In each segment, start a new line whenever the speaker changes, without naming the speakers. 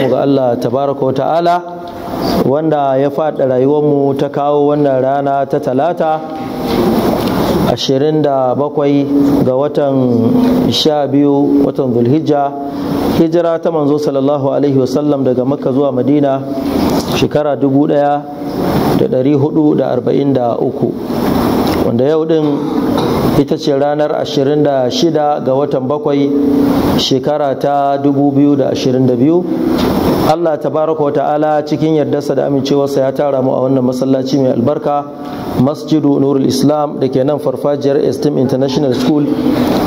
mu ga Allah tabaraka wa ta'ala wanda ya faɗa rayuwarmu ta kawo wannan rana ta talata 27 ga watan 12 watan zulhijja hijira ta manzo sallallahu alaihi wasallam daga makka zuwa madina shekara 1443 wanda yau din ita ce ranar 26 ga watan bakwai shekara ta 2022 Allah tabaraka wa ta'ala cikin yardarsa da amincewarsa ya tara mu a wannan masallaci mai albarka masjidu nurul islam da ke nan farfajiyar estim international school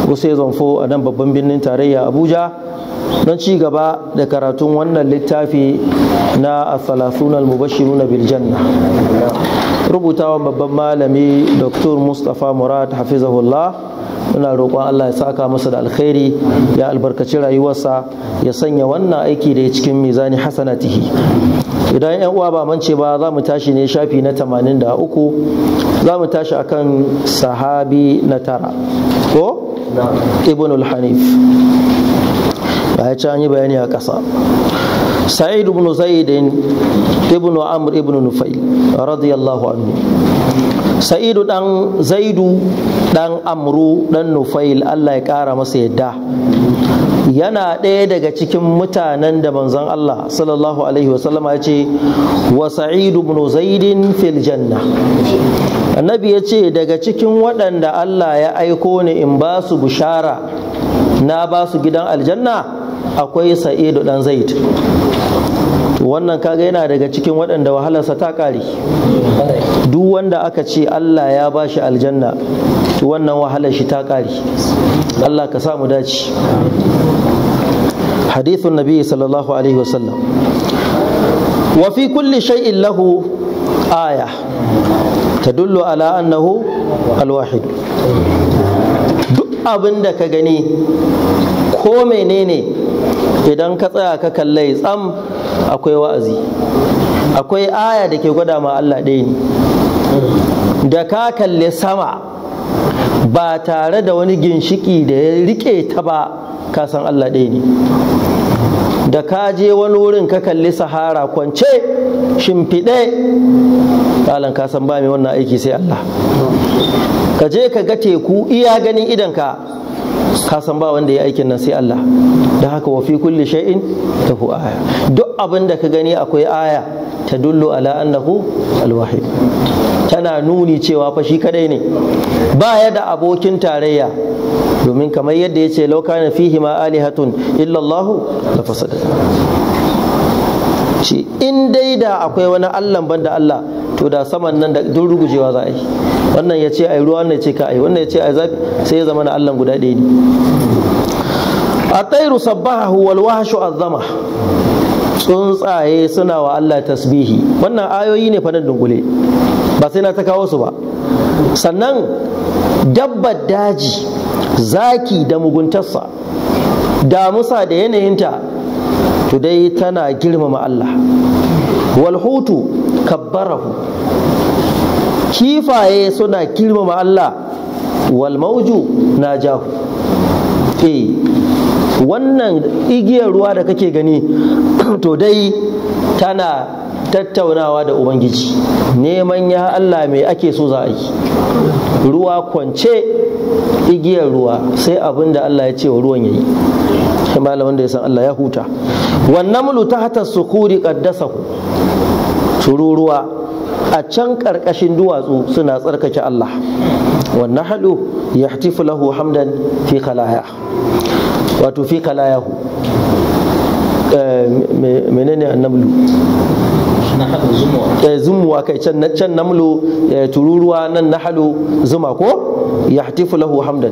kusa fo a nan babban birnin tarayya abuja don ci gaba da karatun wannan littafi na al-thalathun al-mubashirun bil rubutawan babban malami dr mustapha murad hafizahullah muna roƙon Allah ya saka masa da alkhairi ya albarkaci rayuwarsa ya sanya wannan aiki da ya cikin mizani hasanatihi idan yan uwa ba mance ba za mu tashi ne shafi na 83 za mu tashi akan sahabi na tara ko ibn al-hanif ba ya ci an yi bayani a ƙasa سعيد بن زيد ابن عمرو ابن نفيل رضي الله عنه سعيد دان زيد دان عمرو دان نفيل الله masa yadda yana ɗaya daga cikin mutanen da manzon Allah sallallahu alaihi wasallama ya ce wa sa'id ibn zaid fil janna annabi ya ce daga cikin waɗanda Allah ya aiko ni in ba su bushara na ba su gidan aljanna akwai sa'idu dan zaid wannan kaga yana daga cikin waɗanda wahalarsa ta ƙare duk wanda aka ce Allah ya ba shi aljanna to wannan wahalar shi ta ƙare Allah ka samu dace hadithun nabi sallallahu alaihi wasallam wa fi kulli shay'in lahu aya tadullu ala annahu alwahid duk abin da ka gani ko menene idan ka tsaya ka kallai tsam akwai wa'azi akwai aya da ke gwada ma Allah ɗaya ne da ka kalle sama ba tare da wani ginshiki da ya riƙe ta ba ka san Allah ɗaya ne da ka je wani wurin ka kalli sahara kwance shimfiɗe ƙalan ka san ba mai wannan aiki sai Allah ka je ka ga teku iya ganin idanka ka san ba wanda ya aikin nan sai Allah da haka wa fi kulli shay'in lahu aya duk abin da ka gani akwai aya ta dullu ala annahu alwahid tana nuni cewa fashi shi kadai ne ba ya da abokin tarayya domin kamar yadda ya ce laukana fihi ma alihatun illallahu la fasadata ce in dai da akwai wani allan ban da allah to da saman nan da duk rugujewa za a yi wannan ya ce a yi ruwa wannan ya ce ka a yi wannan ya ce a yi zafi sai ya zama na allan guda ɗaya ne a tsairu sabbahahu wal wahashu Azama, tsuntsaye suna wa allah tasbihi wannan ayoyi ne fanin dungule ba sai na ta kawo su ba sannan dabbar daji zaki da muguntarsa damusa da yanayinta to dai tana girmama Allah walhutu kabbarahu kifaye suna girmama Allah walmauju na jahu eh wannan igiyar ruwa da kake gani to dai tana tattaunawa da ubangiji neman ya Allah mai ake so za a yi ruwa kwance igiyar ruwa sai abin da Allah ya ce wa ruwan yayi sai malamin da ya san Allah ya huta wannan mulu ta hatar sukuri Turu tururuwa a can karkashin duwatsu suna tsarkake Allah wannan halu ya hatifu lahu hamdan fi kalaya wato fi kalayahu eh, menene annablu Eh, zumuwa kai can can namlu eh, tururuwa nan na halu zuma ko yahtifu lahu hamdan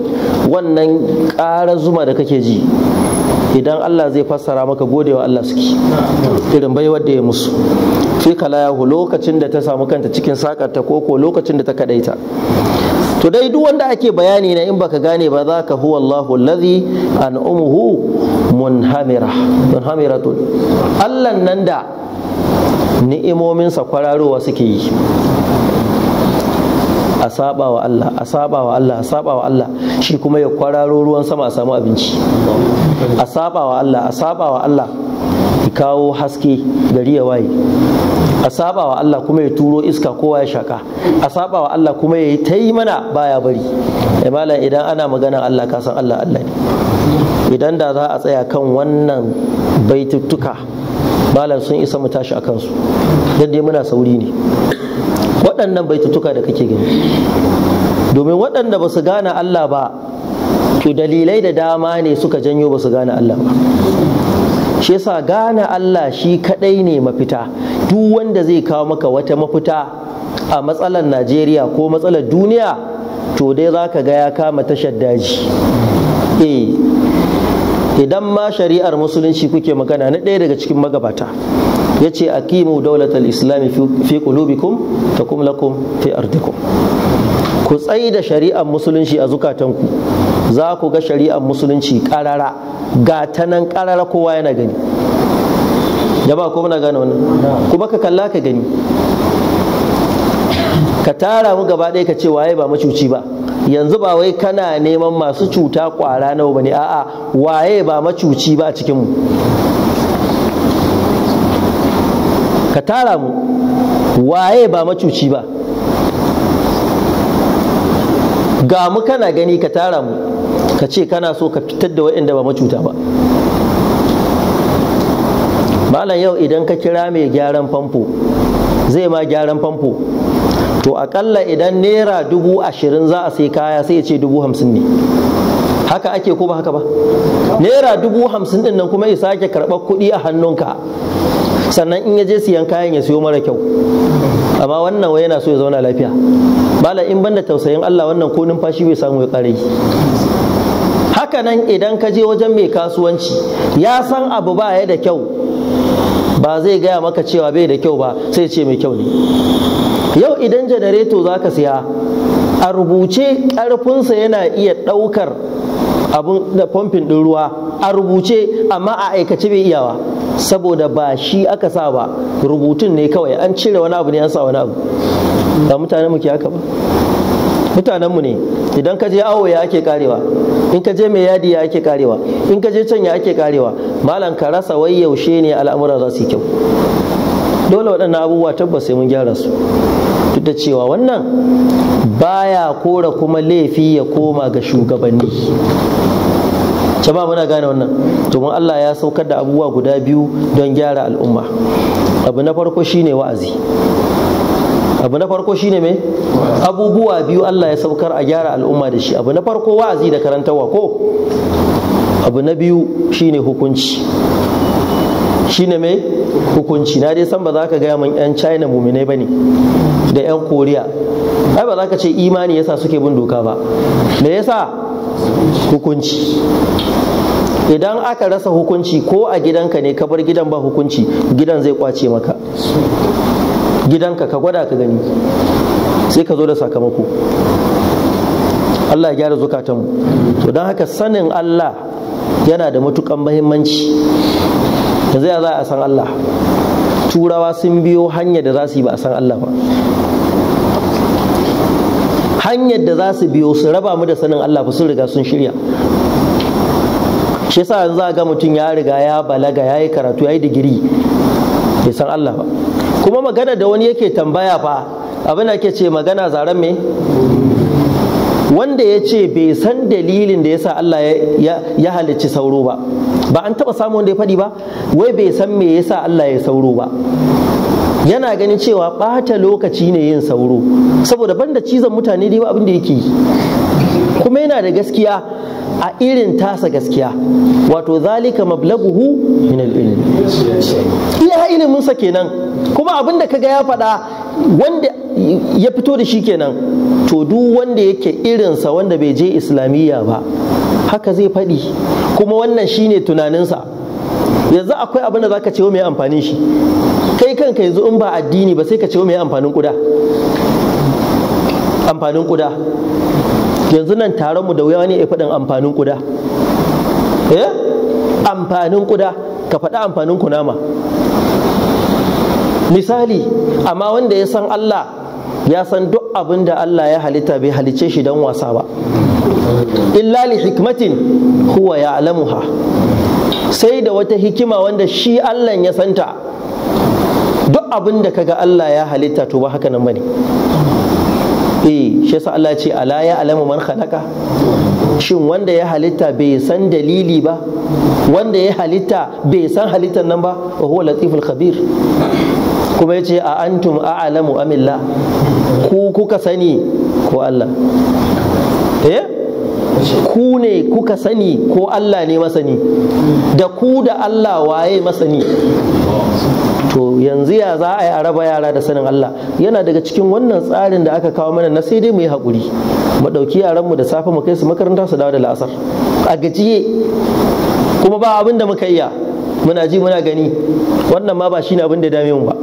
wannan ƙara zuma da kake ji idan Allah zai fassara maka godewa Allah suke irin bai wadda ya musu fi yahu lokacin da ta samu kanta cikin sakarta ko lokacin da ta kadaita to dai duk wanda ake bayani na in baka gane ba za ka huwa Allahu allazi an umuhu munhamira munhamiratun Allah nan da ni'imominsa kwararowa suke yi a saba wa Allah a saba wa Allah a saba wa Allah shi kuma ya kwararo ruwan sama a samu abinci a saba wa Allah a saba wa Allah ya kawo haske gari ya waye a saba wa Allah kuma ya turo iska kowa ya shaka a saba wa Allah kuma ya yi ta yi mana baya bari imala eh, idan ana magana Allah ka san Allah Allah ne idan da za a tsaya kan wannan baituttuka malam sun isa mu tashi a kansu don dai muna sauri ne waɗannan baitutuka da kake gani domin waɗanda ba su gane Allah ba to dalilai da dama ne suka janyo ba su gane Allah ba shi yasa gane Allah shi kadai ne mafita duk wanda zai kawo maka wata mafita a matsalar Najeriya ko matsalar duniya to dai za ka ga ya kama tashar daji eh idan ma shari'ar musulunci kuke magana na ɗaya daga cikin magabata ya ce a kimu daulatar islami fi qulubikum takum lakum fi ardikum ku tsai da shari'ar musulunci a zukatanku za ku ga shari'ar musulunci karara ga ta nan karara kowa yana gani jama'a ko muna gane wannan kuma ka kalla ka gani ka tara mu gaba ɗaya ka ce waye ba macuci ba yanzu ba wai kana neman masu cuta kwara nawa bane a'a waye ba macuci ba cikin mu ka tara mu waye ba macuci ba ga mu kana gani ka tara mu ka ce kana so ka fitar da waɗanda ba macuta ba malam yau idan ka kira mai gyaran famfo zai ma gyaran famfo to akalla idan naira dubu ashirin za a sai kaya sai ya ce dubu hamsin ne haka ake ko ba haka ba naira dubu hamsin din nan kuma ya sake karɓar kuɗi a hannunka sannan in ya je siyan kayan ya siyo mara kyau amma wannan wai yana so ya zauna lafiya bala in banda tausayin Allah wannan ko numfashi bai samu ya ƙare haka nan idan ka je wajen mai kasuwanci ya san abu ba ya da kyau ba zai gaya maka cewa bai da kyau ba sai ce mai kyau ne yau idan janareto za ka siya a rubuce ƙarfinsa yana iya ɗaukar abun da fomfin ɗin ruwa a rubuce amma a aikace bai iyawa saboda ba shi aka sa ba rubutun ne kawai an cire wani abu ne an sa wani abu ba mutane mu ke haka ba mutanen mu ne idan ka je awo ya ake karewa in ka je mai yadi ya ake karewa in ka je can ya ake karewa malam ka rasa wai yaushe ne al'amuran za su yi kyau dole waɗannan abubuwa tabbas sai mun gyara su duk da cewa wannan baya kora kuma laifi ya koma ga shugabanni jama'a muna gane wannan domin Allah ya saukar da abubuwa guda biyu don gyara al'umma abu na farko shine wa'azi abu na farko shine me abubuwa biyu Allah ya saukar a gyara al'umma da shi abu na farko wa'azi da karantarwa ko abu na biyu shine hukunci shine mai hukunci na dai san ba za ka gaya min yan china muminai ba ne da yan koriya ai ba za ka ce imani yasa suke bin doka ba me yasa hukunci idan aka rasa hukunci ko a gidanka ne ka bar gidan ba hukunci gidan zai kwace maka gidanka ka gwada ka gani sai ka zo da sakamako Allah ya gyara zukatanmu to don haka sanin Allah yana da matukan mahimmanci yanzu ya za a san Allah turawa sun biyo hanyar da za su yi ba a san Allah ba hanyar da za su biyo su raba mu da sanin Allah fa sun riga sun shirya shi yasa yanzu za ga mutum ya riga ya balaga ya yi karatu ya yi digiri bai san Allah ba kuma magana da wani yake tambaya fa abin da ake ce magana zaren me wanda ya ce bai san dalilin da ya sa Allah ya halicci sauro ba ba an taba samu wanda ya faɗi ba wai bai san me ya sa Allah ya sauro ba yana ganin cewa ɓata lokaci ne yin sauro saboda banda cizon mutane dai abin da yake yi kuma yana da gaskiya a irin tasa gaskiya wato zalika mablaguhu min ilmi iya ilimin sa kenan kuma abin da kaga ya faɗa wanda ya fito da shi kenan to duk wanda yake irinsa wanda bai je islamiyya ba haka zai faɗi kuma wannan shine tunaninsa yanzu akwai abin da za ka ce mai amfanin shi kai kanka yanzu in ba addini ba sai ka ce mai amfanin kuda amfanin kuda yanzu nan taron mu da wuya ne ya faɗin amfanin kuda eh amfanin kuda ka faɗi amfanin kunama misali amma wanda ya san Allah ya san duk abin da Allah ya halitta bai halice shi don wasa ba illa li hikmatin huwa ya ha. sai da wata hikima wanda shi Allah ya santa duk abin da kaga Allah ya halitta to ba haka nan bane eh shi yasa Allah ce ala ya alamu man khalaqa shin wanda ya halitta bai san dalili ba wanda ya halitta bai san halittar nan ba wa huwa latiful khabir kuma ya ce a antum a'lamu amillah ku kuka sani ko Allah eh ku ne kuka sani ko Allah ne masani da ku da Allah waye masani to yanzu ya za a yi a yara da sanin Allah yana daga cikin wannan tsarin da aka kawo mana na sai dai mu yi haƙuri mu ɗauki yaranmu da safe mu kai su makaranta su dawo da la'asar a gajiye kuma ba abin da muka iya muna ji muna gani wannan ma ba shi ne abin da dame mu ba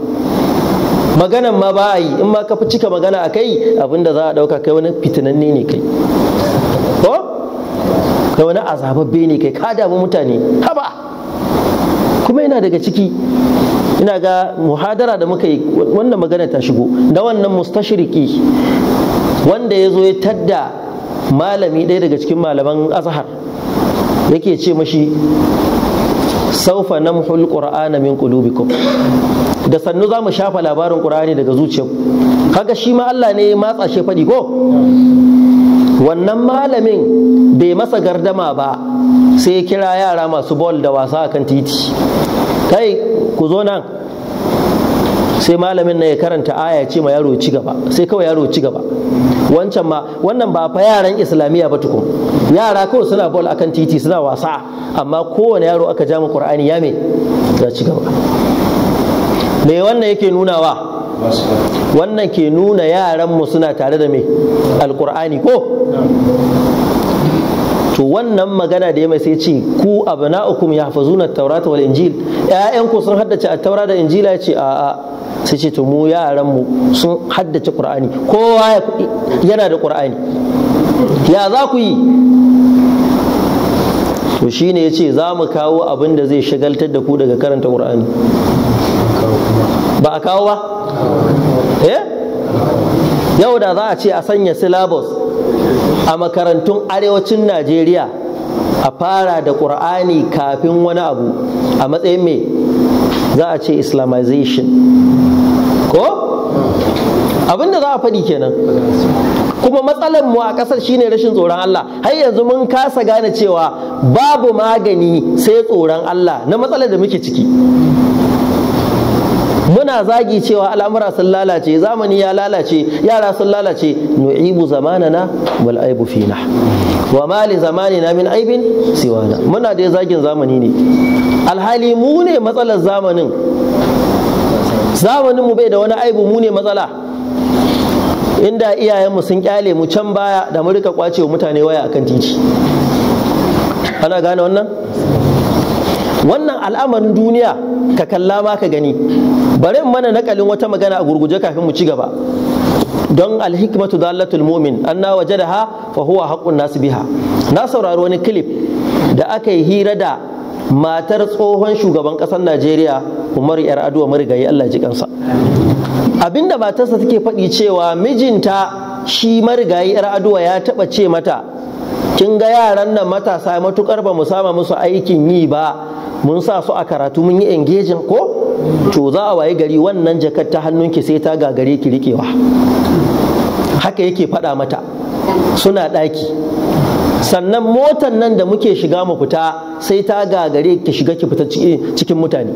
maganan ma ba a yi in ma ka cika magana a kai abinda za a ɗauka kai wani fitinanne ne kai ko kai wani azababbe ne kai ka damu mutane haba kuma yana daga ciki ina ga muhadara da muka yi wannan magana ta shigo da wannan mustashriki wanda ya zo ya tadda malami ɗaya daga cikin malaman azhar yake ce mashi saufa namhul qur'ana min qulubikum da sannu za mu shafa labarin ƙur'ani daga zuciyarku kaga shi ma Allah ne matsa shi ko wannan malamin bai masa gardama ba sai ya kira yara masu bol da wasa kan titi kai ku zo nan sai malamin na ya karanta aya ce ma yaro ci gaba sai kawai yaro ci gaba wancan ma wannan ba fa yaran islamiyya ba tukun yara kawai suna bol akan titi suna wasa amma kowane yaro aka ja mu qur'ani ya me ya ci gaba me wannan yake nuna wa? wannan ke nuna yaranmu suna tare da me alkur'ani ko to wannan magana da ya mai sai ce ku ya yahfazuna at-taurata wal injil ƴaƴanku sun haddace a taura da injila ya ce a'a sai ce to mu yaran sun haddace qur'ani kowa yana da qur'ani ya za ku yi to shine ce za mu kawo abin da zai shagaltar da ku daga karanta qur'ani ba a kawo ba eh yau da za a ce a sanya syllabus a makarantun arewacin najeriya a fara da ƙur'ani kafin wani abu a matsayin mai za a ce islamization ko abinda za a faɗi kenan kuma matsalar mu a ƙasar shine rashin tsoron Allah har yanzu mun kasa gane cewa babu magani sai tsoron Allah na matsalar da muke ciki muna zagi cewa al'amura sun lalace zamani ya lalace yara sun lalace nu'ibu zamanana wal aibu fina wa ma li zamanina min aibin siwana muna dai zagin zamani ne alhali mu ne matsalar zamanin zamanin mu bai da wani aibu mu ne matsala inda iyayenmu sun kyale mu can baya da mu rika kwace mutane waya akan titi ana gane wannan wannan al'amarin duniya ka kalla ma ka gani bari mana nakalin wata magana a gurguje kafin mu ci gaba don alhikmatu dallatul mumin anna wajadaha fa huwa haqqun nas biha na saurari wani clip da aka yi hira da matar tsohon shugaban ƙasar Najeriya Umar yar Aduwa marigayi Allah ji kansa abinda matarsa take faɗi cewa mijinta shi marigayi yar Aduwa ya taɓa ce mata kin ga yaran nan matasa matukar ba mu sama musu aikin yi ba mun sa su a karatu mun yi engaging ko to za a waye gari wannan jakar ta hannunki sai ta gagare ki rikewa haka yake faɗa mata suna ɗaki sannan motan nan da muke shiga mu fita sai ta gagare ki shiga ki fita cikin mutane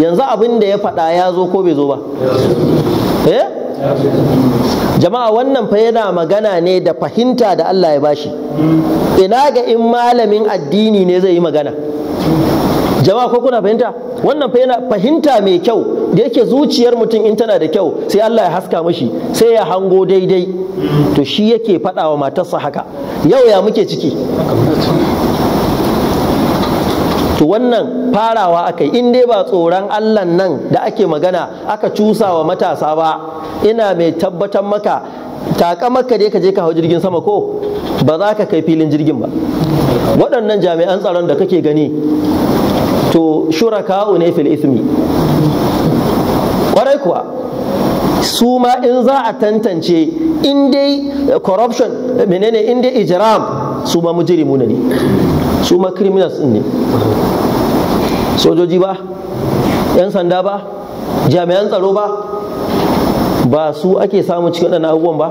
yanzu abin da ya faɗa ya zo ko bai zo ba eh? jama'a wannan fa yana magana ne da fahimta da Allah ya bashi ina ga in malamin addini ne zai yi magana jama'a ko kuna fahimta wannan fa yana fahimta mai kyau da yake zuciyar mutum in tana da kyau sai Allah ya haska mashi sai ya hango daidai to shi yake faɗa wa matarsa haka yau ya muke ciki to wannan farawa aka yi in dai ba tsoron Allah nan da ake magana aka cusa wa matasa ba ina mai tabbatar maka taƙa maka dai ka je ka hau jirgin sama ko ba za ka kai filin jirgin ba waɗannan jami'an tsaron da kake gani to shuraka'u ne fil ismi kwarai kuwa su ma in za a tantance in corruption menene in dai ijram su ma mujrimu ne su ma criminals ne sojoji ba yan sanda ba jami'an tsaro ba ba su ake samun cikin waɗannan abubuwan ba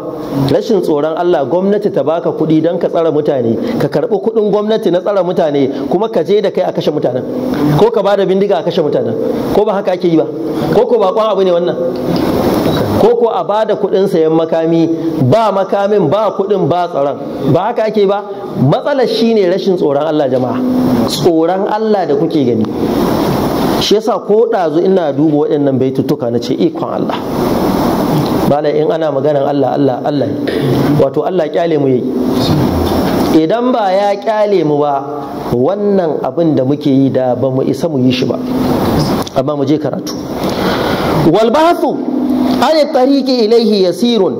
rashin tsoron Allah gwamnati ta baka kuɗi don ka tsara mutane ka karɓi kuɗin gwamnati na tsara mutane kuma ka je da kai a kashe mutanen ko ka bada bindiga a kashe mutanen ko ba haka ake yi ba ko ko ba abu ne wannan ko ko a bada kuɗin sayan makami ba makamin ba kuɗin ba tsaron ba haka ake ba matsalar shine rashin tsoron Allah jama'a tsoron Allah da kuke gani shi yasa ko ɗazu ina duba waɗannan baitutuka na ce ikon Allah malam in ana maganan Allah Allah Allah wato Allah kyale mu idan ba ya kyale mu ba wannan abin da muke yi da ba mu isa mu yi shi ba amma mu je karatu wal bahthu an tariqi ilayhi yasirun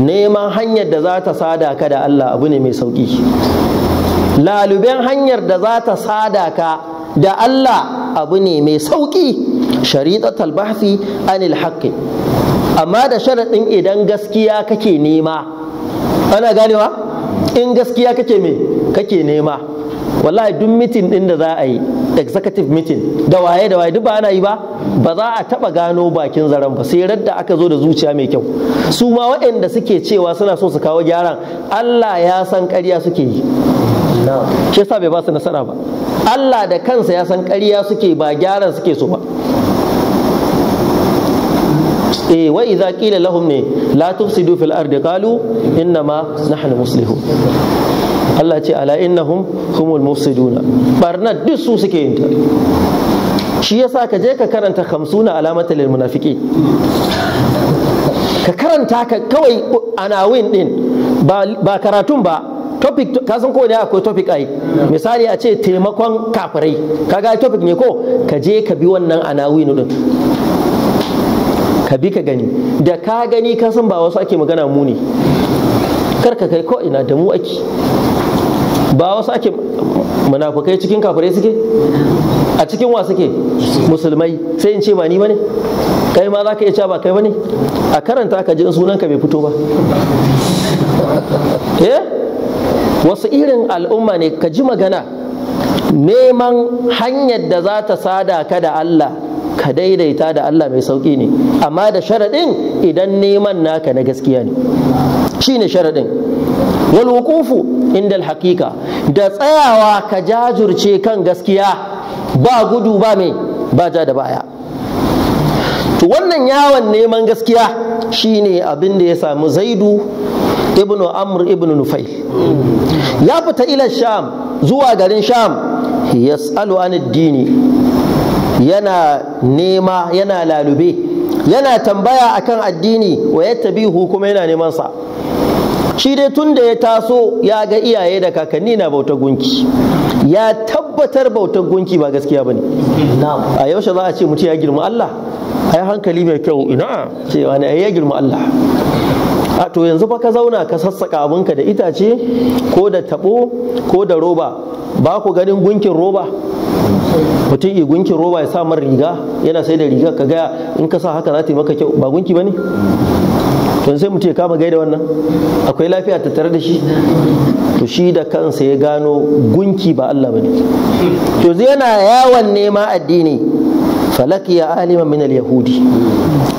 neman hanyar da za ta sada ka da Allah abu ne mai sauki laluben hanyar da za ta sada ka da Allah abu ne mai sauƙi shari'atul bahthi anil haqqi amma da sharaɗin idan gaskiya kake nema ana ganewa in gaskiya kake me kake nema wallahi duk mitin ɗin da za a yi executive meeting da waye da waye duk ba ana yi ba ba za a taba gano bakin zaren ba sai radda aka zo da zuciya mai kyau su ma waɗanda suke cewa suna so su kawo gyaran Allah ya san karya suke yi shi sa bai ba su nasara ba Allah da kansa ya san ƙarya suke ba gyaran suke so ba eh wa idza qila lahum ne la tufsidu fil ardi qalu inna ma nahnu muslihu Allah ce ala innahum humul mufsiduna barna duk su suke yin ta shi yasa ka je ka karanta khamsuna alamatan lil munafiqin ka karanta ka kawai anawin din ba karatun ba topic ka san kowane akwai topic ai misali a ce taimakon kafirai kaga topic ne ko ka je ka bi wannan anawi nudin ka bi ka gani da ka gani ka san ba wasu ake magana mu ne kar ka kai ko ina da mu ake ba wasu ake munafukai cikin kafirai suke a cikin wa suke musulmai sai in ce ba ni ba ne? kai ma za ka iya ba kai ba ne? a karanta ka ji sunanka bai fito ba eh wasu irin al'umma ne ka ji magana neman hanyar da za ta sada ka da Allah ka daidaita da Allah mai sauƙi ne amma da sharaɗin idan neman naka na gaskiya ne shi ne sharaɗin walwukufu inda hakika da tsayawa ka jajurce kan gaskiya ba gudu ba mai ba ja da baya to wannan yawon neman gaskiya shine abin da ya samu zaidu ibnu amr ibnu nufail ya fita ila sham zuwa garin sham yas'alu an dini yana nema yana lalube yana tambaya akan addini wa yattabihu kuma yana neman sa shi dai tun da ya taso ya ga iyaye da kakanni na bautar gunki ya tabbatar bautar gunki ba gaskiya ba ne a yaushe za a ce mutu ya girma Allah ai hankali mai kyau ina ce wani ya girma Allah a to yanzu fa ka zauna ka sassaka abinka da itace ko da tabo ko da roba ba ku ganin gunkin roba mutum yi gunkin roba ya sa mar riga yana sai da riga ka gaya in ka sa haka za ta yi maka kyau ba gunki ba ne to sai mutum ya kama gaida wannan akwai lafiya ta tare da shi to shi da kansa ya gano gunki ba Allah ne? to yana yawon nema addini falaqiya aliman min al-yahudi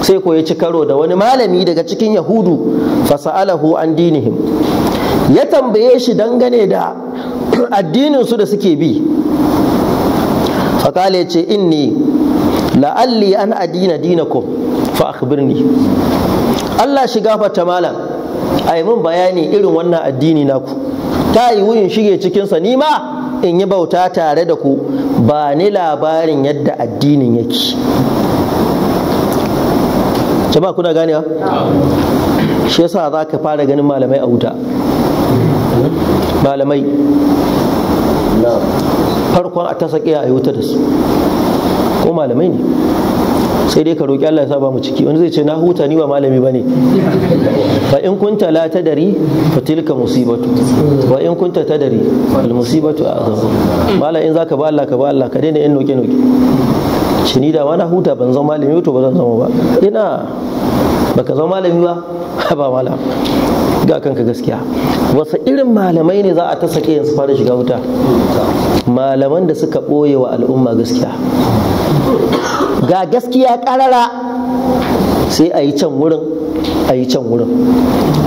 sai ko ya ci karo da wani malami daga cikin yahudu fasa'alahu an dinihim ya tambaye shi dangane da addinin su da suke bi fakale ce inni la'alli an adina dinakum fa akhbirni Allah shi gafarta malam a yi min bayani irin wannan addini naku ta yi wuyin shige cikinsa ni in yi bauta tare da ku ba ni labarin yadda addinin yake jama'a kuna ganewa shi yasa za ka fara ganin malamai a wuta malamai farkon a ta a yi wuta da su ko malamai ne sai dai ka roƙi Allah ya saba mu ciki wani zai ce na huta ni ba malami bane fa in kunta la tadari fa tilka musibatu wa in kunta tadari al musibatu a'zam mala in zaka ba Allah ka ba Allah ka daina yin noke noke shi ni da na huta ban zama malami to ba zan zama ba ina baka zama malami ba ba malam ga kanka gaskiya wasu irin malamai ne za a ta sake yanzu fara shiga wuta malaman da suka ɓoye wa al'umma gaskiya ga gaskiya karara sai a yi can wurin a yi can wurin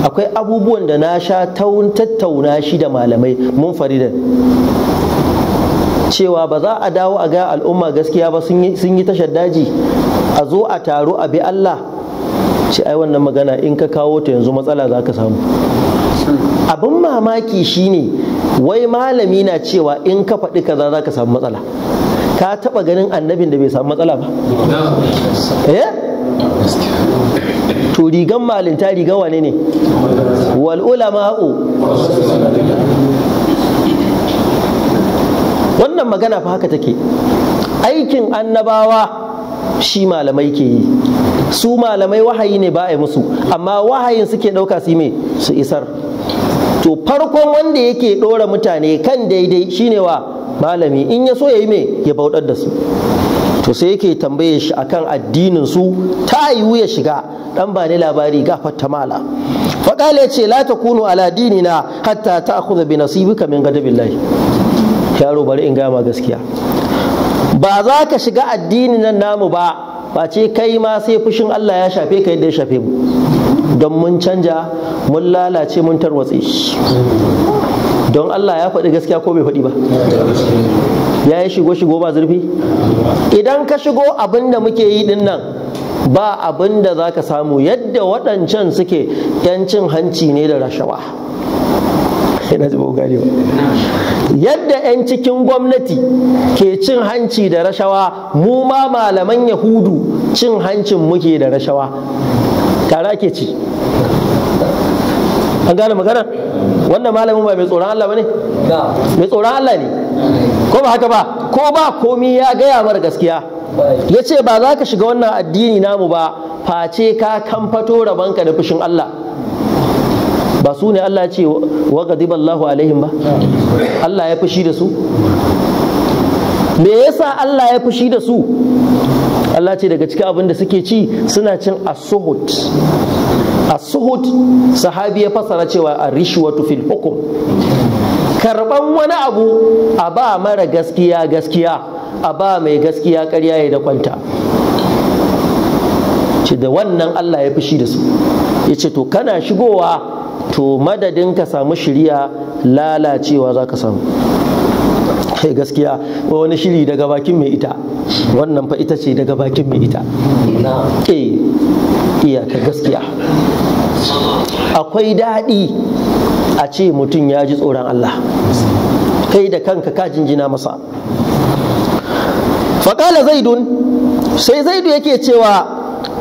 akwai abubuwan da na sha tattauna shi da malamai mun farida cewa ba za a dawo a ga al'umma gaskiya ba sun yi tashar daji a zo a taro a bi Allah ce ai wannan magana in ka kawo ta yanzu matsala za ka samu abin mamaki shine wai malami na cewa in ka faɗi kaza za ka samu matsala ka taba ganin annabin da bai samu matsala ba eh? to rigan malinta riga wane ne wal ulama'u wannan magana fa haka take aikin annabawa shi malamai ke yi su malamai wahayi ne ba a yi musu amma wahayin suke ɗauka su mai su isar to farkon wanda yake ɗora mutane kan daidai shine wa malami in ya so ya yi mai ya bautar da su to sai yake tambaye shi akan addinin su ta yiwu ya shiga dan ba ni labari ga ta mala faƙala ya ce la ta kunu ala dinina hatta ta akuza bi nasibika min ghadabillahi yaro bari in gama gaskiya ba za ka shiga addinin nan namu ba ba ce kai ma sai fushin Allah ya shafe ka yadda ya shafe mu don mun canja mun lalace mun tarwatse don Allah ya faɗi gaskiya ko bai faɗi ba ya yi shigo shigo ba zurfi idan ka shigo abin da muke yi din nan ba abinda da za ka samu yadda waɗancan suke yancin hanci ne da rashawa yadda 'yan cikin gwamnati ke cin hanci da rashawa mu ma malaman yahudu cin hancin muke da rashawa Kara ke ci an gane magana wannan malamin ba mai tsoron Allah bane mai tsoron Allah ne ko ba haka ba ko ba komi ya gaya mara gaskiya ya ce ba za ka shiga wannan addini namu ba face ka kamfato rabanka da fushin Allah ba su ne Allah ce wa gadiballahu alaihim ba Allah ya fushi da su me yasa Allah ya fushi da su Allah ce daga cikin abin da suke ci suna cin asuhut as-suhud sahabi ya fasara cewa ar-rishwatu fil hukum karban wani abu a ba mara gaskiya gaskiya a ba mai gaskiya karya ya da kwanta ce da wannan Allah ya fushi da su ya ce to kana shigowa to madadin ka samu shirya lalacewa za ka samu kai gaskiya wani shiri daga bakin mai ita wannan fa ita ce daga bakin mai ita gaskiya ta gaskiya akwai daɗi a ce mutum ya ji tsoron Allah kai da kanka ka jinjina masa faƙala zaidun sai zaidu yake cewa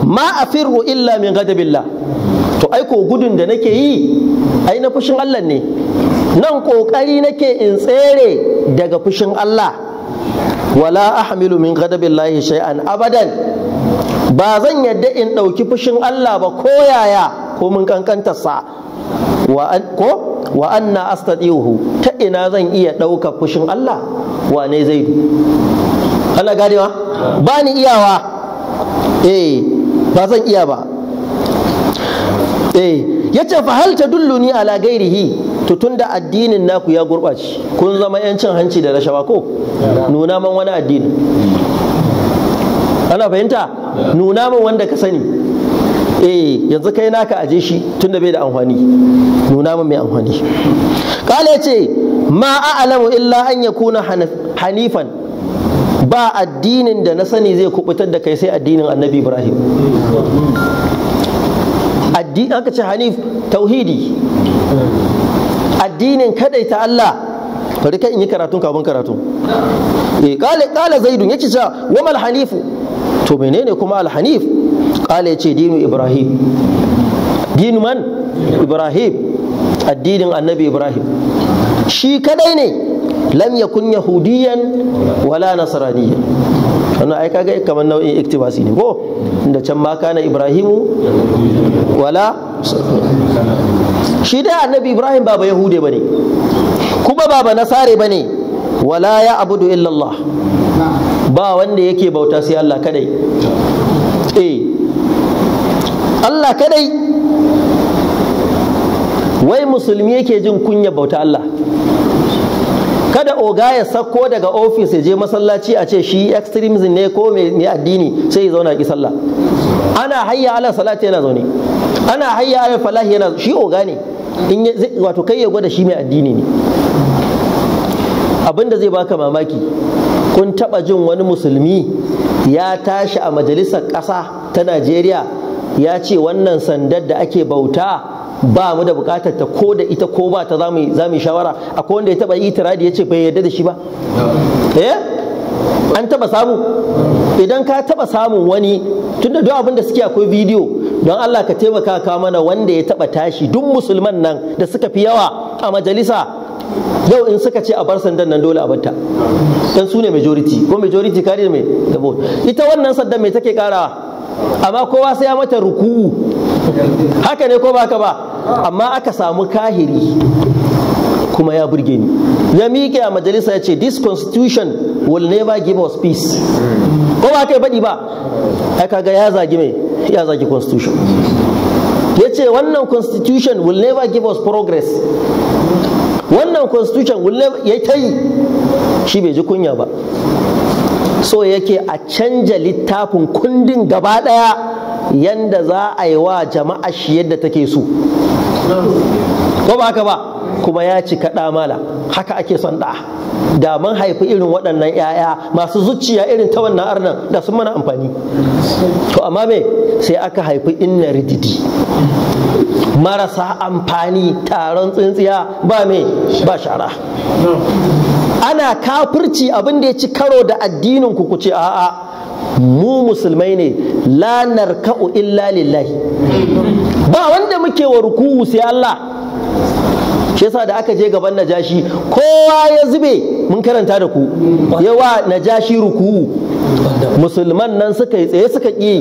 ma a firru illa min gadabillah to aiko gudun da nake yi ai na fushin Allah ne nan ƙoƙari nake in tsere daga fushin Allah wala ahmilu min ghadabillahi shay'an abadan ba zan yadda in ɗauki fushin Allah ba ko yaya ko mun kankantarsa ko wa anna astati'uhu ta ina zan iya ɗauka fushin Allah wane zai Allah gani ba ni iyawa eh ba zan iya ba eh yace fa hal tadulluni ala gairihi to tunda addinin naku ya gurɓace kun zama yancin hanci da rashawa ko nuna man wani addini ana fahimta nuna min wanda ka sani eh yanzu kai naka aje shi tunda bai da amfani nuna min mai amfani Kale ya ce ma a'lamu illa an yakuna hanifan ba addinin da na sani zai kubutar da kai sai addinin annabi ibrahim addini aka ce hanif tauhidi addinin kadaita Allah bari kai in yi karatun kafin karatun eh kale kale zaidun yace cewa wamal hanifu to menene kuma alhanif kala ya ce dinu ibrahim dinu man ibrahim addinin annabi ibrahim shi kadai ne lam yakun yahudiyan wala nasraniyan wannan ai kaga kamar nau'in iktibasi ne ko inda can ma kana ibrahimu wala shi dai annabi ibrahim baba yahude bane kuma baba nasare bane wala ya abudu illallah ba wanda yake bauta sai Allah kadai eh Allah kadai wai musulmi yake jin kunya bauta Allah kada oga ya sako daga ofis ya je masallaci a ce shi extremism ne ko mai addini sai ya zauna ki sallah ana hayya ala salati yana zaune ana hayya ala falahi yana shi oga ne in wato kai ya gwada shi mai addini ne abinda zai baka mamaki kun taba jin wani musulmi ya tashi a majalisar ƙasa ta najeriya ya ce wannan sandar da ake bauta ba mu da bukatar ta ko da ita ko ba ta za mu yi shawara akwai wanda ya taba yi itiradi ya ce bai yarda da shi ba eh? an taba samu idan ka taba samun wani tunda duk abin da suke akwai bidiyo don Allah ka taimaka ka mana wanda ya taba tashi duk musulman nan da suka fi yawa a majalisa yau in suka ce a bar sandan nan dole a batta dan su ne majority ko majority kare mai da vote ita wannan sandan mai take karawa amma kowa sai ya mata ruku'u haka ne ko ba ka ba amma aka samu kahiri kuma ya burge ni ya miƙe a majalisa ya ce this constitution will never give us peace ko ba kai baɗi ba ai kaga ya zagi mai ya zagi constitution ya ce wannan constitution will never give us progress wannan constitution gulle ya ta yi shi bai ji kunya ba so yake a canja littafin kundin gaba ɗaya yanda za a yi wa jama'a shi yadda take so ko ba haka ba kuma ya cika mala haka ake son da'a. da mun haifi irin waɗannan 'ya'ya masu zuciya irin ta wannan arnan da sun mana amfani to amma me sai aka haifi inna rididi marasa amfani taron tsintsiya ba me ba shara ana kafirci abin da ya ci karo da addinin ku kuce a'a mu musulmai ne lanar ka'u illa lillahi ba wanda muke wa ruku'u sai Allah shi yasa da aka je gaban najashi kowa ya zube mun karanta da ku yawa najashi ruku. musulman nan suka yi tsaye suka ƙi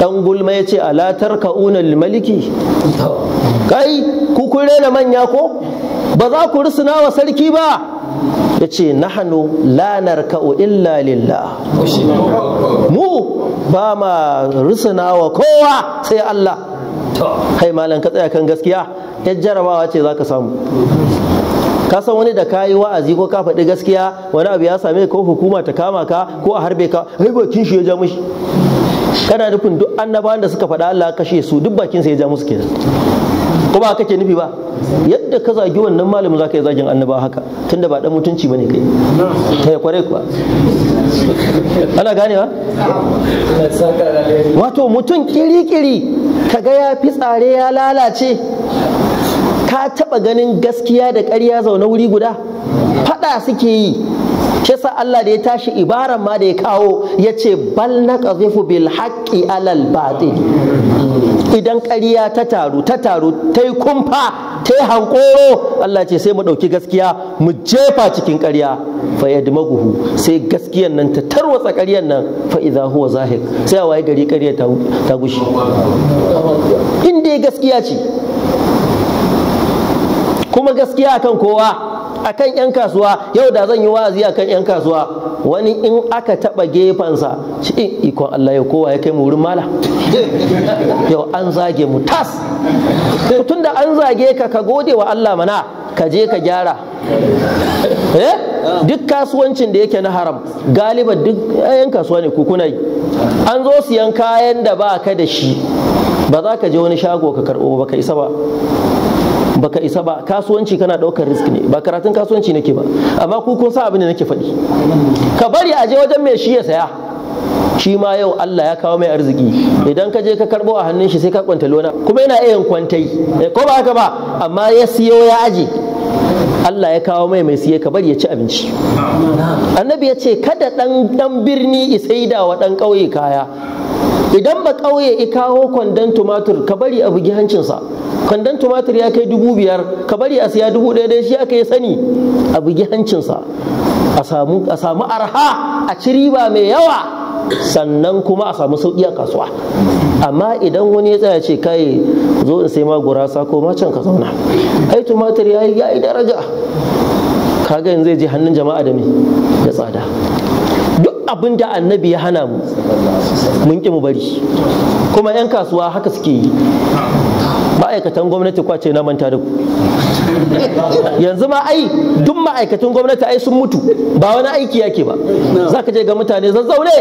dan gulma ya ce alatar ka'una maliki kai ku kure na manya ko ba za ku risuna wa sarki ba ya ce nahanu lanar ka'u illa lillah mu ba ma risuna wa kowa sai Allah kai malam ka tsaya kan gaskiya yar jarabawa ce za ka samu ka san wani da ka yi wa'azi ko ka faɗi gaskiya wani abu ya same ko hukuma ta kama ka ko a harbe ka ai bakin shi ya ja mushi kana nufin duk annabawan da suka faɗa Allah kashe su duk bakin sa ya ja musu kenan ko ba kake nufi ba yadda ka zagi wannan malamin zaka yi zagin annaba haka tunda ba dan mutunci bane kai kai eh, kware kuwa ana ganewa wato mutum kiri-kiri kaga ya fi tsare ya lalace ka taɓa ganin gaskiya da ƙarya zaune wuri guda faɗa suke yi kisa Allah da ya tashi ibaran ma da ya kawo ya ce bal na ƙazifu bil haƙƙi alal batil idan ƙarya ta taru ta taru ta yi kumfa ta yi hankoro Allah ce sai mu ɗauki gaskiya mu jefa cikin ƙarya fa yadmaguhu sai gaskiyan nan ta tarwatsa ƙaryan nan fa idza huwa zahir sai a waye gari ƙarya ta gushi in gaskiya ce kuma gaskiya akan kowa akan yan kasuwa yau da zan yi wa'azi akan yan kasuwa wani in aka taba gefensa shi eh, ikon Allah ya kowa ya kai mu wurin mala yau an zage mu tas tunda an zage ka ka gode wa Allah mana ka je ka gyara eh? duk kasuwancin da yake na haram galiba duk yan kasuwa ne kuna yi an zo siyan kayan da ba ka da shi ba za ka je wani shago ka karɓo ba ka isa ba baka isa ba kasuwanci kana daukar risk ne ba karatun kasuwanci nake ba amma ku kun sa abin da nake faɗi ka bari a je wajen mai shi ya saya shi ma yau Allah ya kawo mai arziki idan ka je ka karbo a hannun shi sai ka kwanta lona kuma yana iya kwantai eh, ko ba haka ba amma ya siyo ya aje Allah ya kawo mai mai siye ka bari ya ci abinci annabi ya ce kada dan dan birni isai da wa dan kauye kaya idan ba ƙauye i kawo kwandon tumatur ka bari a bugi hancinsa kwandon tumatir ya kai dubu biyar ka bari a siya dubu ɗaya dai shi aka yi sani a bugi hancinsa a samu arha a ci riba mai yawa sannan kuma a samu sauƙi a kasuwa amma idan wani ya tsaya ce kai zo in sai ma gurasa ko ma can ka zauna ai tumatir ya yi daraja kaga yanzu zai je hannun jama'a da me da tsada duk abin da annabi ya hana mu mun ki mu bari kuma 'yan kasuwa haka suke yi ma'aikatan gwamnati kwa ce na manta da ku yanzu ma ai duk ma'aikatan gwamnati ai sun mutu ba wani aiki yake ba za ka je ga mutane zazzaune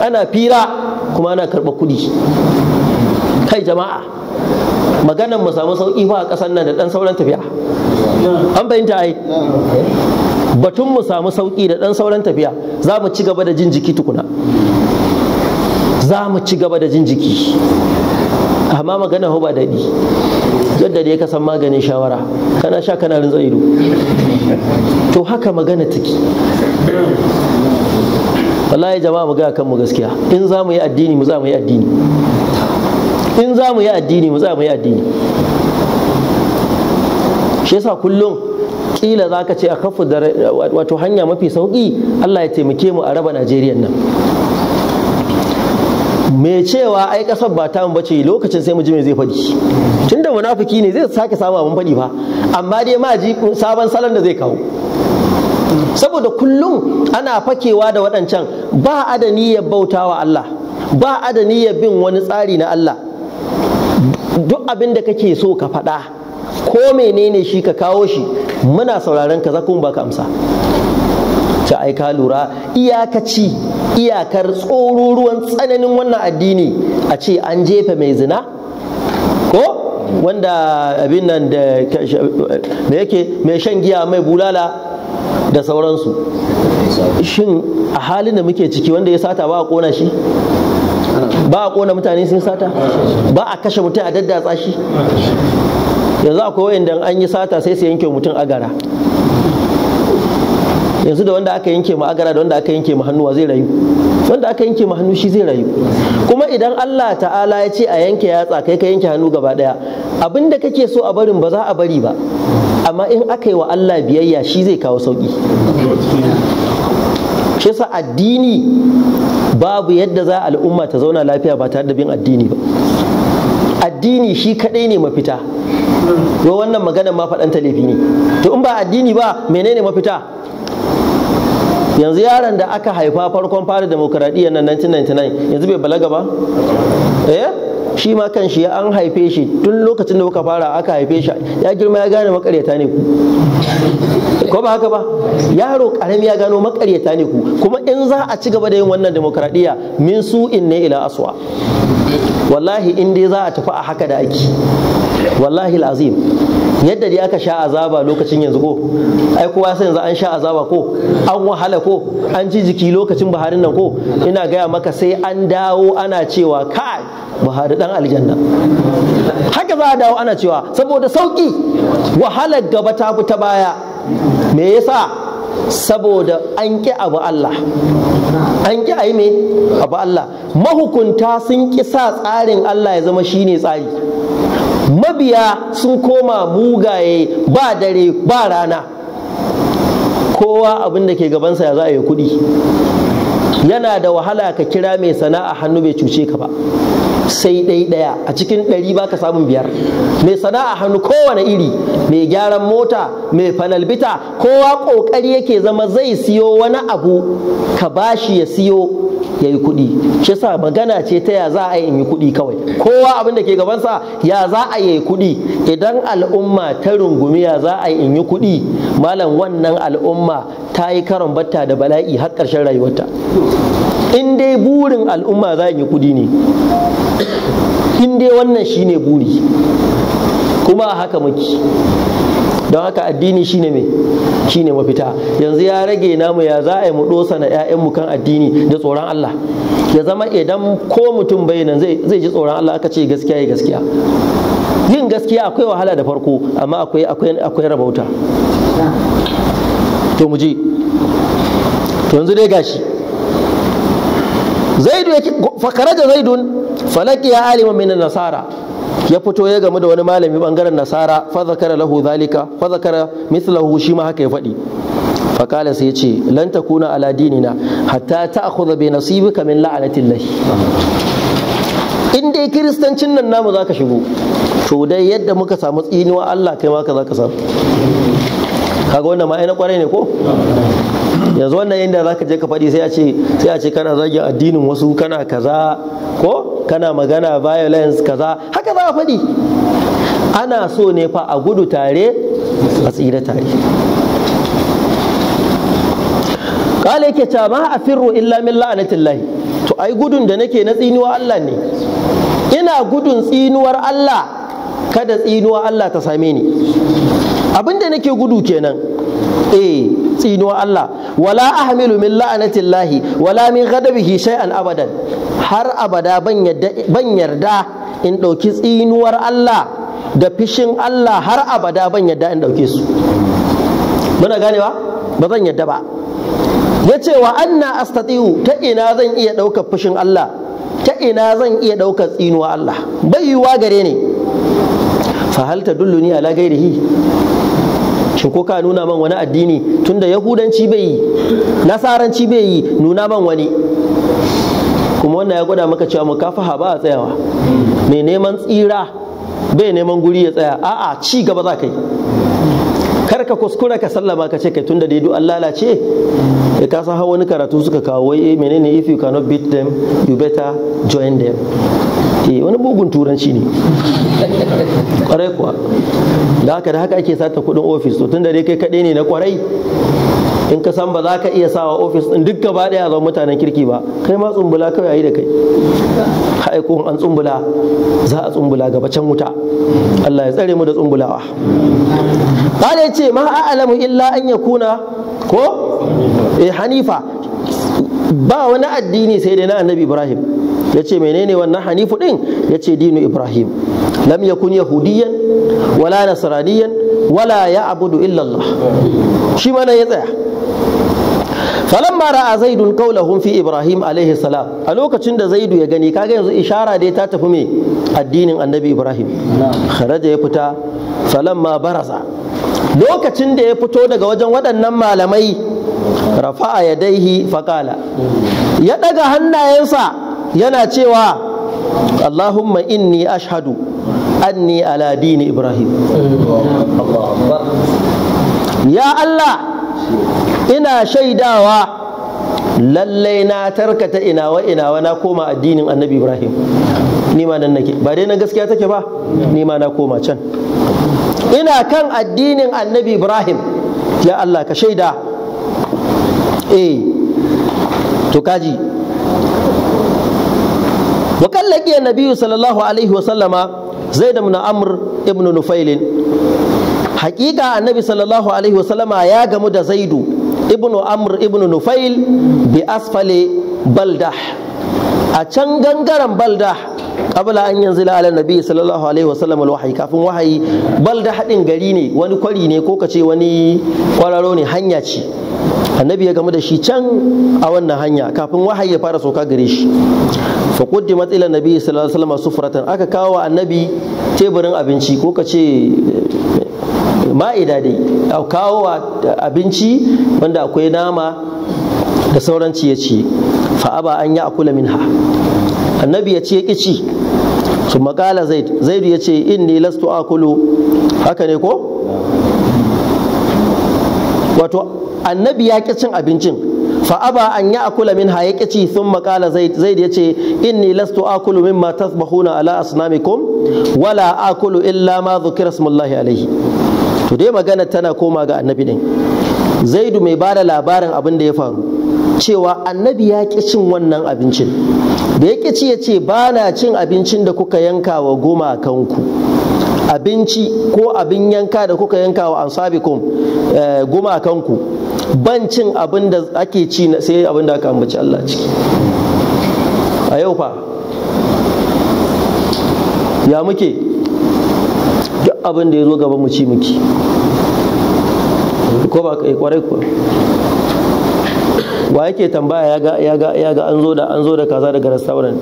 ana fira kuma ana karɓa kuɗi kai jama'a maganan mu samu sauƙi fa a ƙasar nan da ɗan sauran tafiya an fahimta ai batun mu samu sauƙi da ɗan sauran tafiya za mu ci gaba da jin jiki tukuna za mu ci gaba da jin jiki amma magana ho ba daɗi yadda dai ka san maganin shawara kana sha kana rinza ido to haka magana take wallahi jama'a mu ga kan mu gaskiya in za mu yi addini mu za mu yi addini in za mu yi addini mu za mu yi addini shi yasa kullum kila za ka ce a kafu wato hanya mafi sauƙi Allah ya taimake mu a raba Najeriya nan mai cewa ai kasar ba ta mu bace lokacin sai mu ji me zai faɗi tunda munafiki ne zai sake samu abin faɗi ba. amma dai ma ji sabon salon da zai kawo saboda kullum ana fakewa da waɗancan ba a da niyyar bautawa Allah ba a da niyyar bin wani tsari na Allah duk abin da kake so ka faɗa ko menene shi ka kawo shi muna sauraron ka za kuma baka amsa ta ai ka lura iyakaci iyakar tsororuwan tsananin wannan addini a ce an jefa mai zina ko wanda abin nan da me yake mai shan giya mai bulala da sauransu shin a halin da muke ciki wanda ya sata ba a kona shi ba a kona mutane sun sata ba a kashe mutum a daddatsa shi yanzu akwai wayan an yi sata sai su yanke mutum agara yanzu da wanda aka yanke mu agara da wanda aka yanke mu hannuwa zai rayu wanda aka yanke mu hannu shi zai rayu kuma idan Allah ta'ala ya ce a yanke yatsa kai ka yanke hannu gaba daya abinda kake so a barin ba za a bari ba amma in aka yi wa Allah biyayya shi zai kawo sauki shi yasa addini babu yadda za al'umma ta zauna lafiya ba tare da bin addini ba addini shi kadai ne mafita to wannan magana ma faɗanta laifi ne to in ba addini ba menene mafita yanzu yaron da aka haifa farkon fara demokradiyyar nan 1999 yanzu bai balaga ba eh shi ma kan shi an haife shi tun lokacin da kuka fara aka haife shi ya girma ya gane makaryata ne ku ko ba haka ba yaro karami ya gano makaryata ne ku kuma in za a ci gaba da yin wannan demokradiyya min su in ne ila aswa wallahi in dai za a tafi a haka da ake wallahi azim yadda dai aka sha azaba lokacin yanzu ko ai kowa sai yanzu an sha azaba ko an wahala ko an ji jiki lokacin buharin nan ko ina gaya maka sai an dawo ana cewa kai buhari dan aljanna haka za a dawo ana cewa saboda sauki wahalar gaba ta fi ta baya me yasa saboda an ƙi abu Allah an ƙi a yi me abu Allah mahukunta sun ƙi sa tsarin Allah ya zama shine tsari mabiya sun koma mugaye ba dare ba rana kowa abin da ke gabansa ya za a yi kuɗi yana da wahala ka kira mai sana'a hannu bai cuce ka ba sai ɗai ɗaya a cikin ɗari ba ka samun biyar mai sana'a hannu kowane iri mai gyaran mota mai fanalbita kowa ƙoƙari yake zama zai siyo wani abu ka bashi ya siyo ya yi kuɗi shi sa magana ce ta ya za a yi in yi kuɗi kawai kowa abin da ke gabansa ya za a yi kuɗi idan al'umma ta rungumi ya za a yi in yi kuɗi malam wannan al'umma ta yi karon batta da bala'i har ƙarshen rayuwarta in dai burin al'umma za yi kudi ne in dai wannan shi ne buri kuma a haka muke don haka addini shine shi shine mafita yanzu ya rage namu ya za a yi mu dosa na 'ya'yanmu kan addini da tsoron Allah ya zama idan ko mutum bai nan zai ji tsoron Allah aka ce gaskiya ya gaskiya yin gaskiya akwai wahala da farko amma akwai akwai akwai rabauta to mu je to yanzu dai gashi zaidu yake fakaraja zaidun falaki ya alima min nasara ya fito ya gamu da wani malami bangaren nasara fa zakara lahu zalika fa zakara mithlahu shi ma haka ya faɗi fakala sai ce lan takuna ala dinina hatta ta'khudha bi nasibika min la'anatillahi in dai kiristancin nan namu zaka shigo to dai yadda muka samu tsiniwa Allah kai ma ka zaka samu kaga wannan ma ai na kwarai ne ko yanzu wannan yadda za ka je ka faɗi sai a ce sai kana zagin addinin wasu kana kaza ko kana magana violence kaza haka za a faɗi ana so ne fa a gudu tare a tsira tare kala yake ta ma a firro illa min la'anatillahi to ai gudun da nake na tsinuwa Allah ne ina gudun tsinuwar Allah kada tsinuwa Allah ta same ni abinda nake gudu kenan eh tsinuwa Allah wala ahmilu min la'anatillahi wala min ghadabihi shay'an abadan har abada ban yarda in ɗauki tsinuwar Allah da fishin Allah har abada ban yarda in ɗauke su muna ganewa ba zan yarda ba ya ce wa anna astati'u ta ina zan iya ɗaukar fishin Allah ta ina zan iya ɗaukar tsinuwa Allah bai yiwuwa gare ne fa hal tadulluni ala gairihi shin ko ka nuna man wani addini tunda yahudanci bai yi nasaranci bai yi nuna man wani kuma wannan ya gwada maka cewa mukafaha ba a tsayawa mai neman tsira bai neman guri ya tsaya a'a ci gaba za ka yi kar ka kuskura ka sallama ka ce kai tunda da an lalace ya kasa har wani karatu suka kawo wai eh, menene if you cannot beat them you better join them eh wani bugun turanci ne kwarai kuwa da haka da haka ake sata kudin ofis to tunda dai kai kaɗai ne na kwarai in ka san ba za ka iya sawa ofis din duk gaba daya zama mutanen kirki ba kai ma tsumbula kawai yayi da kai hai ko an tsumbula za a tsumbula gaba can wuta Allah ya tsare mu da tsumbulawa kada ce ma a'lamu illa an yakuna ko eh hanifa ba wani addini sai dai na annabi ibrahim ya ce menene wannan hanifu din ya ce dinu ibrahim lam yakun yahudiyan wala nasraniyan wala ya abudu illallah shi mana ya tsaya mara a zaidun kaulahun fi ibrahim alaihi salam a lokacin da zaidu ya gani kaga yanzu ishara dai ta tafi mai addinin annabi ibrahim kharaja ya fita ma baraza lokacin da ya fito daga wajen waɗannan malamai rafa'a ya yadaihi faƙala. ya ɗaga hannayensa yana cewa allahumma inni ashhadu anni ala dini ibrahim ya allah ina shaidawa lallai na tarkata inawa inawa na koma addinin annabi ibrahim ni ma nan nake ba dai na gaskiya take ba ni ma na koma can ina kan addinin annabi ibrahim ya allah ka shaida eh to kaji wa kallaki annabi sallallahu alaihi wa sallama zaid ibn amr ibn nufail hakika annabi sallallahu alaihi wa sallama ya gamu da zaidu ibnu amr ibnu nufail bi asfale baldah a can gangaren baldah qabla an yanzila ala nabi sallallahu alaihi wasallam alwahyi kafin wahayi baldah din gari ne wani kwari ne ko kace wani kwararo ne hanya ce annabi ya gamu da shi can a wannan hanya kafin wahayi ya fara sauka gare shi fa quddimat nabi sallallahu alaihi wasallam sufratan aka kawo annabi teburin abinci ko ka ce ma'ida dai a kawo abinci wanda akwai nama da sauran ciye-ciye fa aba an ya akula minha annabi ya ce kici su makala zaid zaidu ya ce inni lastu akulu haka ne ko wato annabi ya ki cin abincin fa aba an ya akula min ha yake ci sun makala zaid ya ce inni lastu akulu mimma tasbahuna ala asnamikum wala akulu illa ma zukira smullahi alaihi to dai magana tana koma ga annabi din zaidu mai bada labarin abin da ya faru cewa annabi ya ƙi cin wannan abincin da ya ƙi ci ya ce ba na cin abincin da kuka yanka wa goma kanku abinci ko abin yanka da kuka yanka wa ansabikum eh, kanku ban cin abin da ake ci sai abin da aka ambaci Allah ciki a yau fa ya muke duk abin da ya zo gaba mu ci muke ko ba kai kwarai ko wa yake tambaya ya ga an zo da an zo da kaza daga restaurant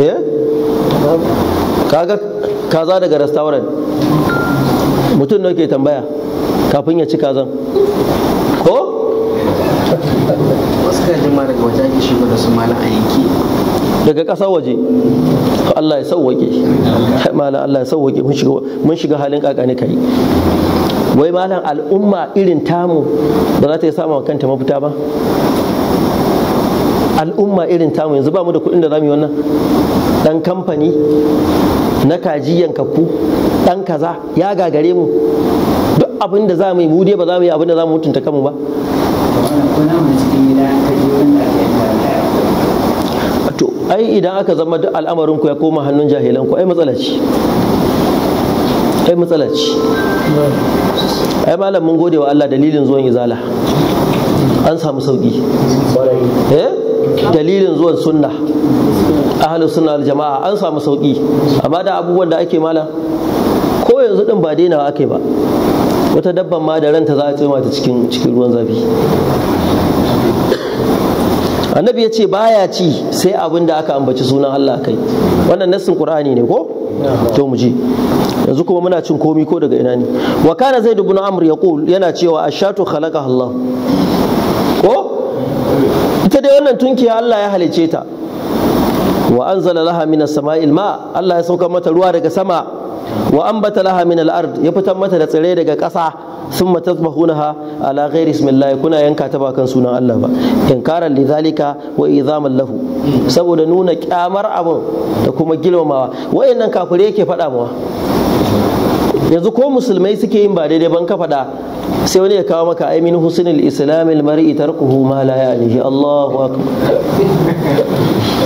eh kaga kaza daga restaurant mutum ne ke tambaya kafin ya ci kazan ko wasu kajin ma daga waje ake shigo da su mana a yanki daga ƙasa waje ko Allah ya sauwake malam Allah ya sauwake mun shiga halin kakani kai wai malam al'umma irin tamu ba za ta yi sama kanta mafita ba al'umma irin tamu yanzu ba mu da kuɗin da za mu yi wannan dan kamfani na kaji yankakku dan kaza ya gagare mu abin da za mu yi mu dai ba za mu yi abin da za mu mutunta kanmu ba to ai idan aka zama duk al'amarin ku ya koma hannun jahilan ku ai matsala ce ai matsala ce ai malam mun gode wa Allah dalilin zuwan izala an samu sauki eh dalilin zuwan sunna ahlu sunna al jama'a an samu sauki amma da abubuwan da ake mala ko yanzu din ba dainawa ake ba wata dabban ma da ranta za a tsoma ta cikin cikin ruwan zafi annabi ya ce baya ci sai abin da aka ambaci sunan Allah kai wannan nassin qur'ani ne ko to mu ji yanzu kuma muna cin komi ko daga ina ne wa kana zaid ibn amr yaqul yana cewa ashatu khalaqa Allah ko ita dai wannan tunkiya Allah ya halice ta wa anzala laha minas sama'il ma Allah ya sauka mata ruwa daga sama wa bata laha min al-ard ya fitar mata da tsire daga ƙasa thumma tadhbahunaha ala ghairi ismillahi kuna yanka ta bakan sunan Allah ba li zalika wa idhaman lahu saboda nuna kyamar abun da kuma girmamawa nan kafure yake faɗa mawa yanzu ko musulmai suke yin ba daidai ban ka faɗa sai wani ya kawo maka aimin husnul islam mar'i tarkuhu ma la ya'lihi Allahu akbar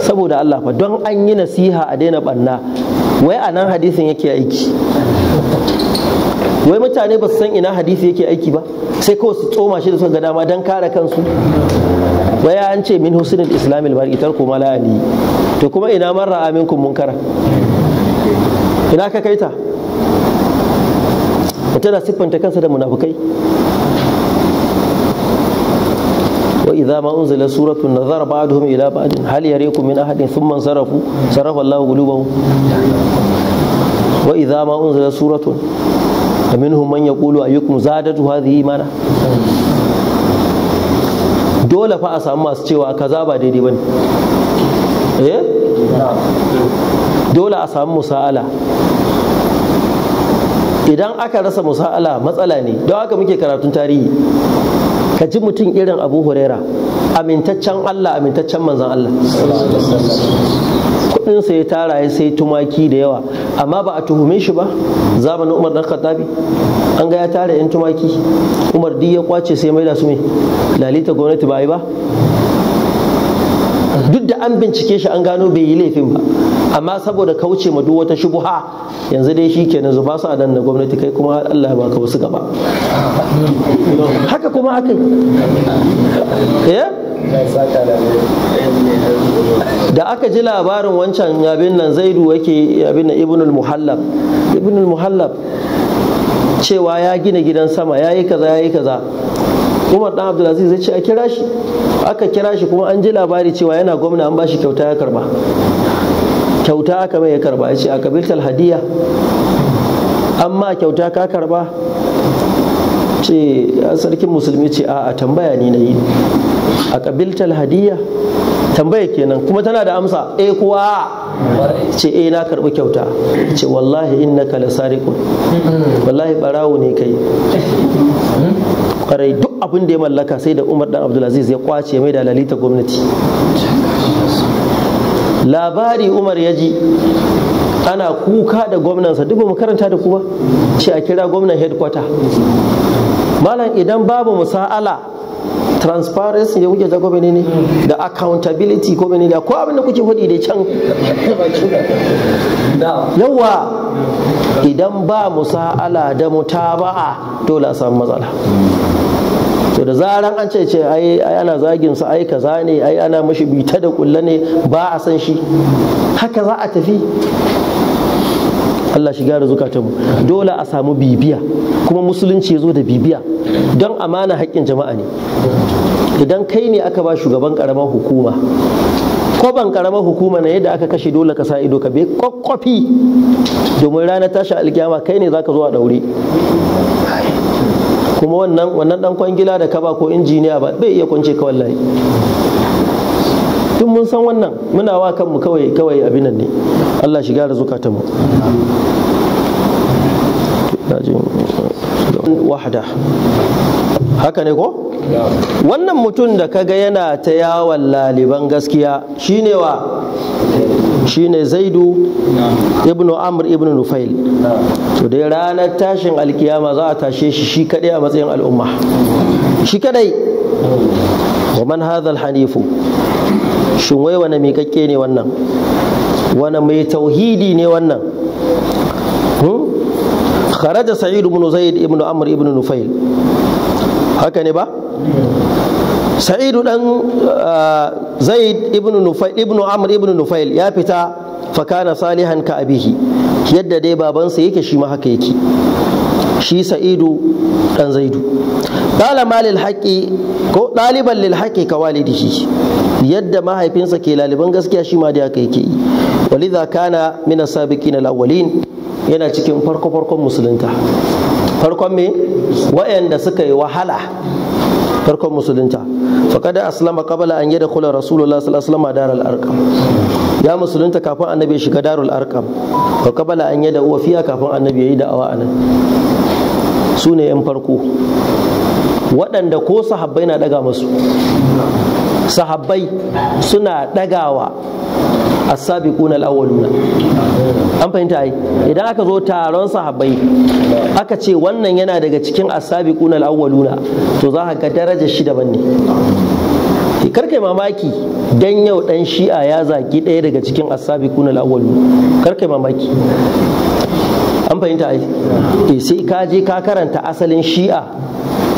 saboda Allah fa don an yi nasiha a daina banna wai a nan hadisin yake aiki wai mutane ba su san ina hadisi yake aiki ba sai kawai su tsoma shi da suka ga dama don kare kansu wai an ce min husnul islam al mar'i tarku ma to kuma ina man ra'a minkum munkara ina ka kaita mutum siffanta kansa da munafukai وإذا ما أنزل سورة نظر بعضهم إلى بعض هل يريكم من أحد ثم انصرفوا صرف الله قلوبهم وإذا ما أنزل سورة فمنهم من يقول أيكم زادت هذه إيمانا dole fa a samu masu cewa kaza ba daidai bane eh dole a samu musa'ala idan aka rasa musa'ala matsala ne don haka muke karatun tarihi ka ji mutum irin abu huraira amintaccen allah amintaccen manzan allah kudinsa ya tara ya sai tumaki da yawa amma ba a tuhume shi ba zamanin umar dan khattabi an ga ya tara yan tumaki umar duk ya kwace sai mai da su me lalita gwamnati ba yi ba duk da an bincike shi an gano bai yi laifin ba amma saboda kauce ma duk wata shubuha yanzu dai shi kenan zuba su a nan gwamnati kai kuma Allah ya baka wasu gaba haka kuma akai eh? da aka ji labarin wancan abin nan zaidu yake abin nan ibnul muhallab ibnul muhallab cewa ya gina gidan sama ya yi kaza ya yi kaza umar dan abdulaziz ya ce a kira shi aka kira shi kuma an ji labari cewa yana gwamna an bashi kyauta ya karba kyauta aka mai ya karba ya ce a kabiltal hadiya amma kyauta ka karba ce sarkin musulmi ce a tambaya ni na yi a kabiltal hadiya tambaya kenan kuma tana da amsa eh kuwa ce eh na karbi kyauta ce wallahi innaka lasariqun wallahi barawo ne kai hmm? kwarai duk abin da ya mallaka sai da umar dan abdulaziz ya kwace mai da lalita gwamnati labari umar ya ji ana kuka da gwamnansa duk mu karanta da kuma shi a kira gwamnan headquarter malam idan babu musa'ala transparency da kuke ta menene hmm. da accountability ko menene ko abin da kuke hudi da can yawa idan ba mu sa'ala da mu taba'a, dole a samu matsala to da zarar an ce ce ai ana zagin su ai kaza ne ai ana mashi bita da kulle ne ba a san shi haka za a tafi Allah shi gara mu. dole a samu bibiya kuma musulunci ya zo da bibiya don amana haƙƙin jama'a ne idan kai ne aka ba shugaban ƙaramar hukuma ko ban karamar hukuma na yadda aka kashe dole ka sa ido ka bi? kwakwafi domin ranar tashi alkiyama kai ne zaka zo a daure kuma wannan wannan kwangila da ka ba ko injiniya ba bai iya kwance ka wallahi tun mun san wannan muna wa kanmu kawai kawai abinan ne Allah shiga gara zukatanmu wahada haka ne ko wannan mutum da kaga yana ta yawon laliban gaskiya shine wa shine zaidu ibn amr ibn nufail to dai ranar tashin alkiyama za a tashe shi shi kadai a matsayin al'umma shi kadai wa man hadha hanifu shin wai wani miƙaƙƙe ne wannan wani mai tauhidi ne wannan hmm? kharaja sa'id ibn zaid ibn Amur, ibn nufail haka ne ba sa'idu dan uh, zaid ibn ibn amr ibn nufail ya fita fakana salihan ka abihi yadda dai babansa yake shi ma haka yake shi sa'idu dan zaidu qala malil ko ɗaliban lil haƙi ka walidihi yadda mahaifinsa ke laliban gaskiya shi ma da haka yake yi walidha kana min asabiqina alawwalin yana cikin farko farkon musulunta farkon me wa'anda suka yi wahala farkon musulunta faqad aslama qabla an yadkhula rasulullah sallallahu alaihi wasallam daral arqam ya musulunta kafin annabi shiga darul arqam wa qabla an yada uwa fiya kafin annabi yayi da'awa anan su ne yan farko waɗanda ko sahabbai na ɗaga masu sahabbai suna ɗagawa as-sabiqun al na. an fahimta ai idan aka zo taron sahabbai aka ce wannan yana daga cikin as-sabiqun al na to za ka ga shi daban ne karkai mamaki dan yau dan shi'a ya zaki ɗaya daga cikin as kuna al-awwaluna karkai mamaki an fahimta ai eh, sai ka je ka karanta asalin shi'a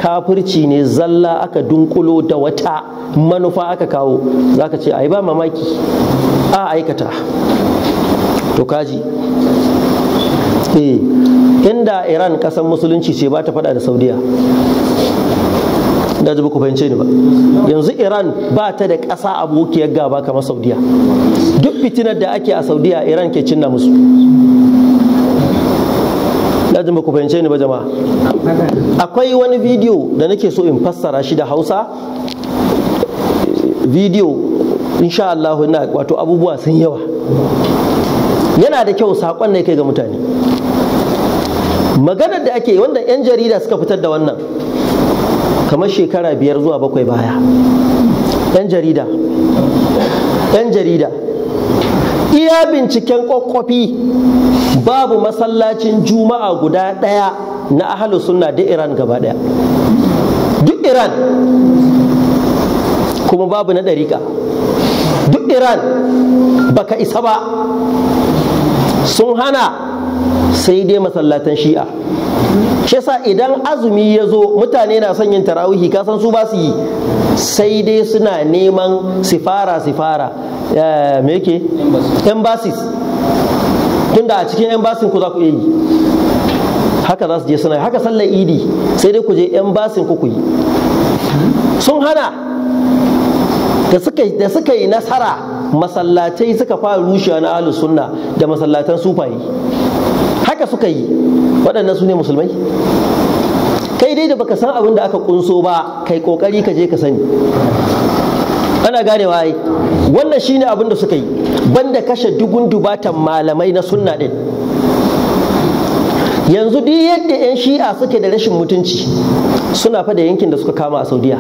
kafirci ne zalla aka dunkulo da wata manufa aka kawo zaka ce ai ba mamaki a aikata to kaji eh inda iran kasan musulunci ce ba ta fada da saudiya da ji ku fahimce ni ba yanzu iran ba ta da ƙasa abokiyar gaba kamar saudiya duk fitinar da ake a saudiya iran ke cinna musu Yajin ba ku fahimce ni ba jama'a akwai wani bidiyo da nake so in fassara shi da hausa bidiyo insha Allah ina wato abubuwa sun yawa yana da kyau saƙon ne kai ga mutane maganar da ake wanda 'yan jarida suka fitar da wannan kamar shekara biyar zuwa bakwai baya 'yan jarida 'yan jarida iya binciken kwakwafi babu masallacin juma'a guda ɗaya na ahalus sunna da iran gaba ɗaya duk iran kuma babu na ɗariƙa duk iran baka isa ba sun hana sai dai masallatan shi'a shi idan azumi ya zo mutane na son yin tarawihi kasan su ba su yi sai dai suna neman sifara sifara Eh, me yake embassies tunda a cikin embassin ku za ku yi haka za su je suna haka sallar idi sai dai ku je embassin ku ku yi sun hana da suka yi nasara masallatai suka fara rushewa na ahlus sunna da masallatan sufayi haka suka yi waɗannan su ne musulmai kai dai da baka san abin da aka kunso ba kai kokari ka je ka sani ana gane waye. wannan shine abin da suka yi banda kashe dugun dubatan malamai na sunna din yanzu duk yadda 'yan shi'a suke da rashin mutunci suna fa da yankin da suka kama a saudiya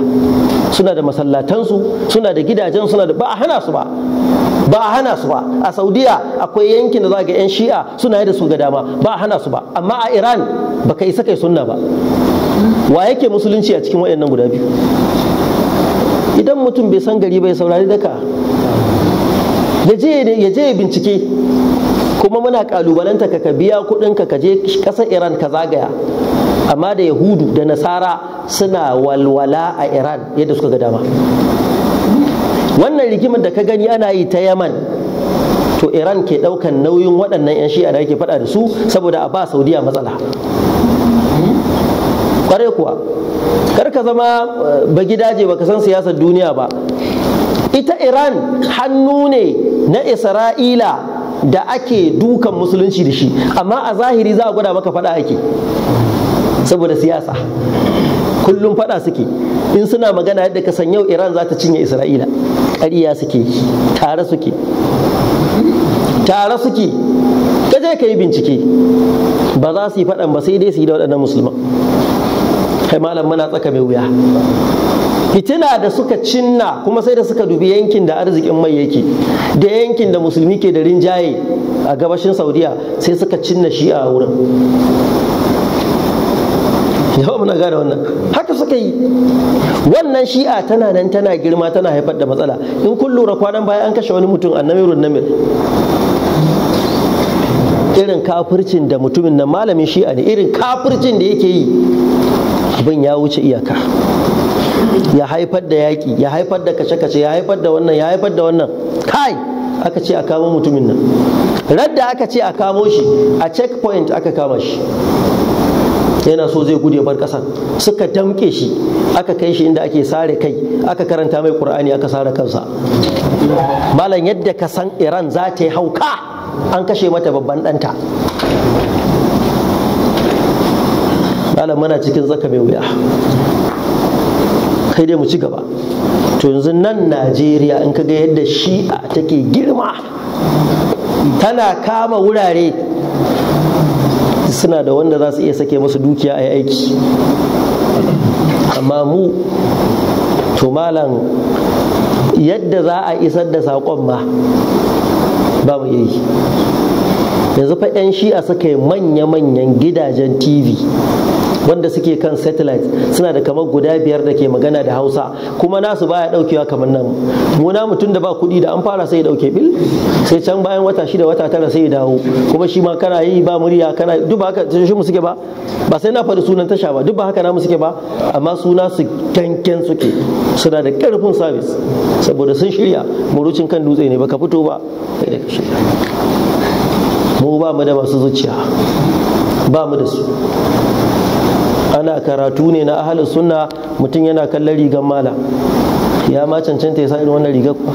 suna da masallatansu suna da gidajen suna da ba a hana su ba ba a hana su ba a saudiya akwai yankin da za ga 'yan shi'a suna da su ga dama ba a hana su ba amma a iran baka isa kai sunna ba wa yake musulunci a cikin waɗannan guda biyu idan mutum bai san gari bai saurari daka ya je ya bincike kuma muna kalubalanta ka biya kudin ka je kasar iran ka zagaya amma da yahudu da nasara suna walwala a iran yadda suka ga dama wannan rigimar da ka gani ana yi ta yaman to iran ke daukan nauyin waɗannan 'yan shi'a da ake faɗa da su saboda a ba saudiya matsala kware kuwa kar ka zama eh, ba gidaje ka san siyasar duniya ba ita iran hannu ne na isra'ila da ake dukan musulunci da shi amma a zahiri za a gwada maka fada ake saboda siyasa kullum fada suke in suna magana yadda ka san yau iran za ta cinye isra'ila ƙarya suke tare suke tare suke ka je ka yi bincike ba za su yi faɗan ba sai dai su yi da waɗannan musulman kai malam muna tsaka mai wuya fitina da suka cinna kuma sai da suka dubi yankin da arzikin mai yake da yankin da musulmi ke da rinjaye a gabashin saudiya sai suka cinna shi a wurin yawa muna gane wannan haka suka yi wannan shi'a tana nan tana girma tana haifar da matsala in kun lura kwanan baya an kashe wani mutum annamirun namir irin kafircin da mutumin nan malamin shi'a ne irin kafircin da yake yi abin ya wuce iyaka ya haifar da yaƙi ya haifar da kace-kace ya haifar da wannan ya haifar da wannan kai aka ce a kamo mutumin nan radda aka ce a kamo shi a checkpoint aka kama shi yana so zai gudu bar ƙasar suka damƙe shi aka kai shi inda ake sare kai aka karanta mai ƙur'ani aka sare kansa malam yadda ka san iran za ta yi hauka an kashe mata babban ɗanta malam mana cikin zaka mai wuya kai dai mu ci gaba to yanzu nan najeriya in ka ga yadda shi'a take girma tana kama wurare suna da wanda za su iya sake masu dukiya a aiki amma mu to malam yadda za a isar da saƙon ma ba mu iya yi yanzu fa 'yan a suka yi manya-manyan gidajen tv wanda suke kan satellite suna da kamar guda biyar da ke magana da hausa kuma nasu baya daukewa kamar nan muna mutum da ba kuɗi da an fara sai ya dauke bil sai can bayan wata shida wata tara sai ya dawo kuma shi ma kana yi ba murya kana duk ba haka shi mu suke ba ba sai na faɗi sunan tasha ba duk ba haka namu suke ba amma suna su kyankyan suke suna da karfin service saboda sun shirya murucin kan dutse ne baka fito ba da ka shirya mu ba mu da masu zuciya ba mu da su ana karatu ne na ahalin sunna mutum yana kallon rigar mala ya ma cancanta ya sa irin wannan rigar ku?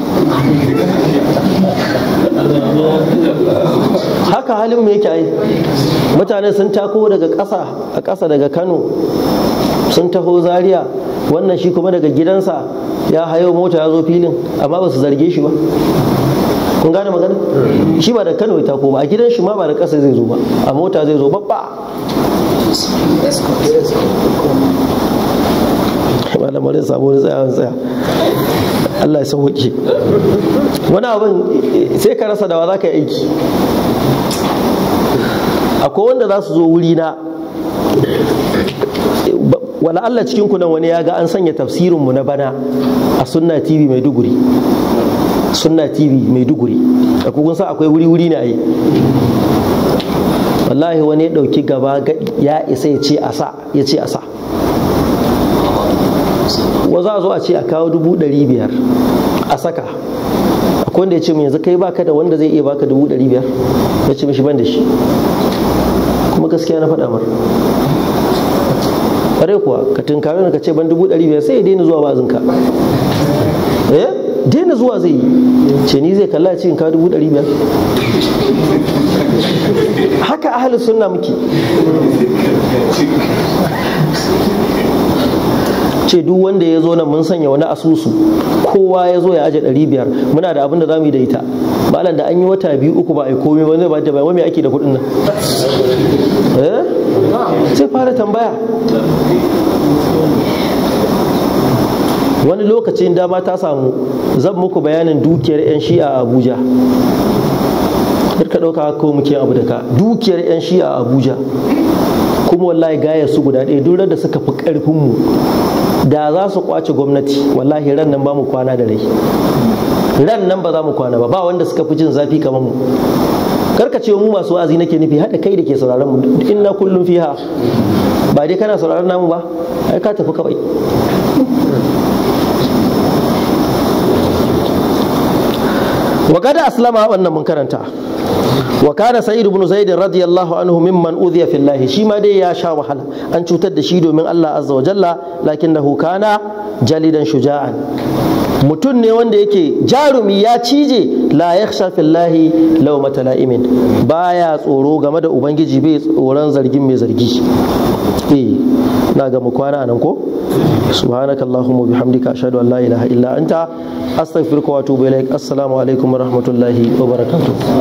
haka halin mu yake ai mutane sun tako daga ƙasa a ƙasa daga kano sun taho zaria wannan shi kuma daga gidansa ya hayo mota ya zo filin amma ba su zarge shi ba kun gane magana shi ba da kano ya tako ba a gidan shi ma ba da ƙasa zai zo ba a mota zai zo babba ba lamarin sabo da tsaya tsaya Allah ya sauke wani abin sai ka rasa da wa za ka yi aiki akwai wanda za su zo wuri na wala Allah cikin nan wani ya ga an sanya tafsirinmu na bana a sunna tv mai duguri sunna tv mai duguri. akwai kun sa akwai wuri-wuri ne a yi wallahi wani ya ɗauki gaba ya isa ya ce a sa ya ce a sa wa za a zo a ce a kawo dubu ɗari biyar a saka akwai wanda ya ce yanzu kai baka da wanda zai iya baka dubu ɗari biyar ya ce mishi ban da shi kuma gaskiya na faɗa mar ƙware kuwa ka tunkari ka ce ban dubu ɗari biyar sai ya daina zuwa wazinka eh daina zuwa zai yi ce ni zai kalla ce in ka dubu ɗari biyar haka ahalin sunna muke ce duk wanda ya zo nan mun sanya wani asusu kowa ya zo ya aje ɗari biyar muna da abin da za mu yi da ita malam da an yi wata biyu uku ba a yi komai ba zai ba da bayan ake da kuɗin nan eh? sai fara tambaya wani lokacin dama ta samu zan muku bayanin dukiyar 'yan shi'a a abuja ka ɗauka ko muke abu da ka dukiyar 'yan shi'a a abuja kuma wallahi gaya su guda ɗaya duk da suka fi ƙarfinmu da za su kwace gwamnati wallahi ran nan ba mu kwana da rai ran nan ba za mu kwana ba ba wanda suka fi jin zafi kamar mu karka ce mu masu wa'azi nake nufi haɗa kai da ke sauraron mu inna kullum fiha ba dai kana sauraron namu ba ai ka tafi kawai wa kada aslama wannan mun karanta wa kana sa'id ibn zaid radiyallahu anhu mimman udhiya fillahi shi ma dai ya sha wahala an cutar da shi domin Allah azza wa jalla lakinnahu kana jalidan shuja'an mutum ne wanda yake jarumi ya cije la yakhsha fillahi law matala'imin baya tsoro game da ubangiji bai tsoron zargin mai zargi eh na ga mu kwana nan ko subhanakallahumma bihamdika ashhadu an la ilaha illa anta astaghfiruka wa atubu ilaik assalamu alaikum wa rahmatullahi wa barakatuh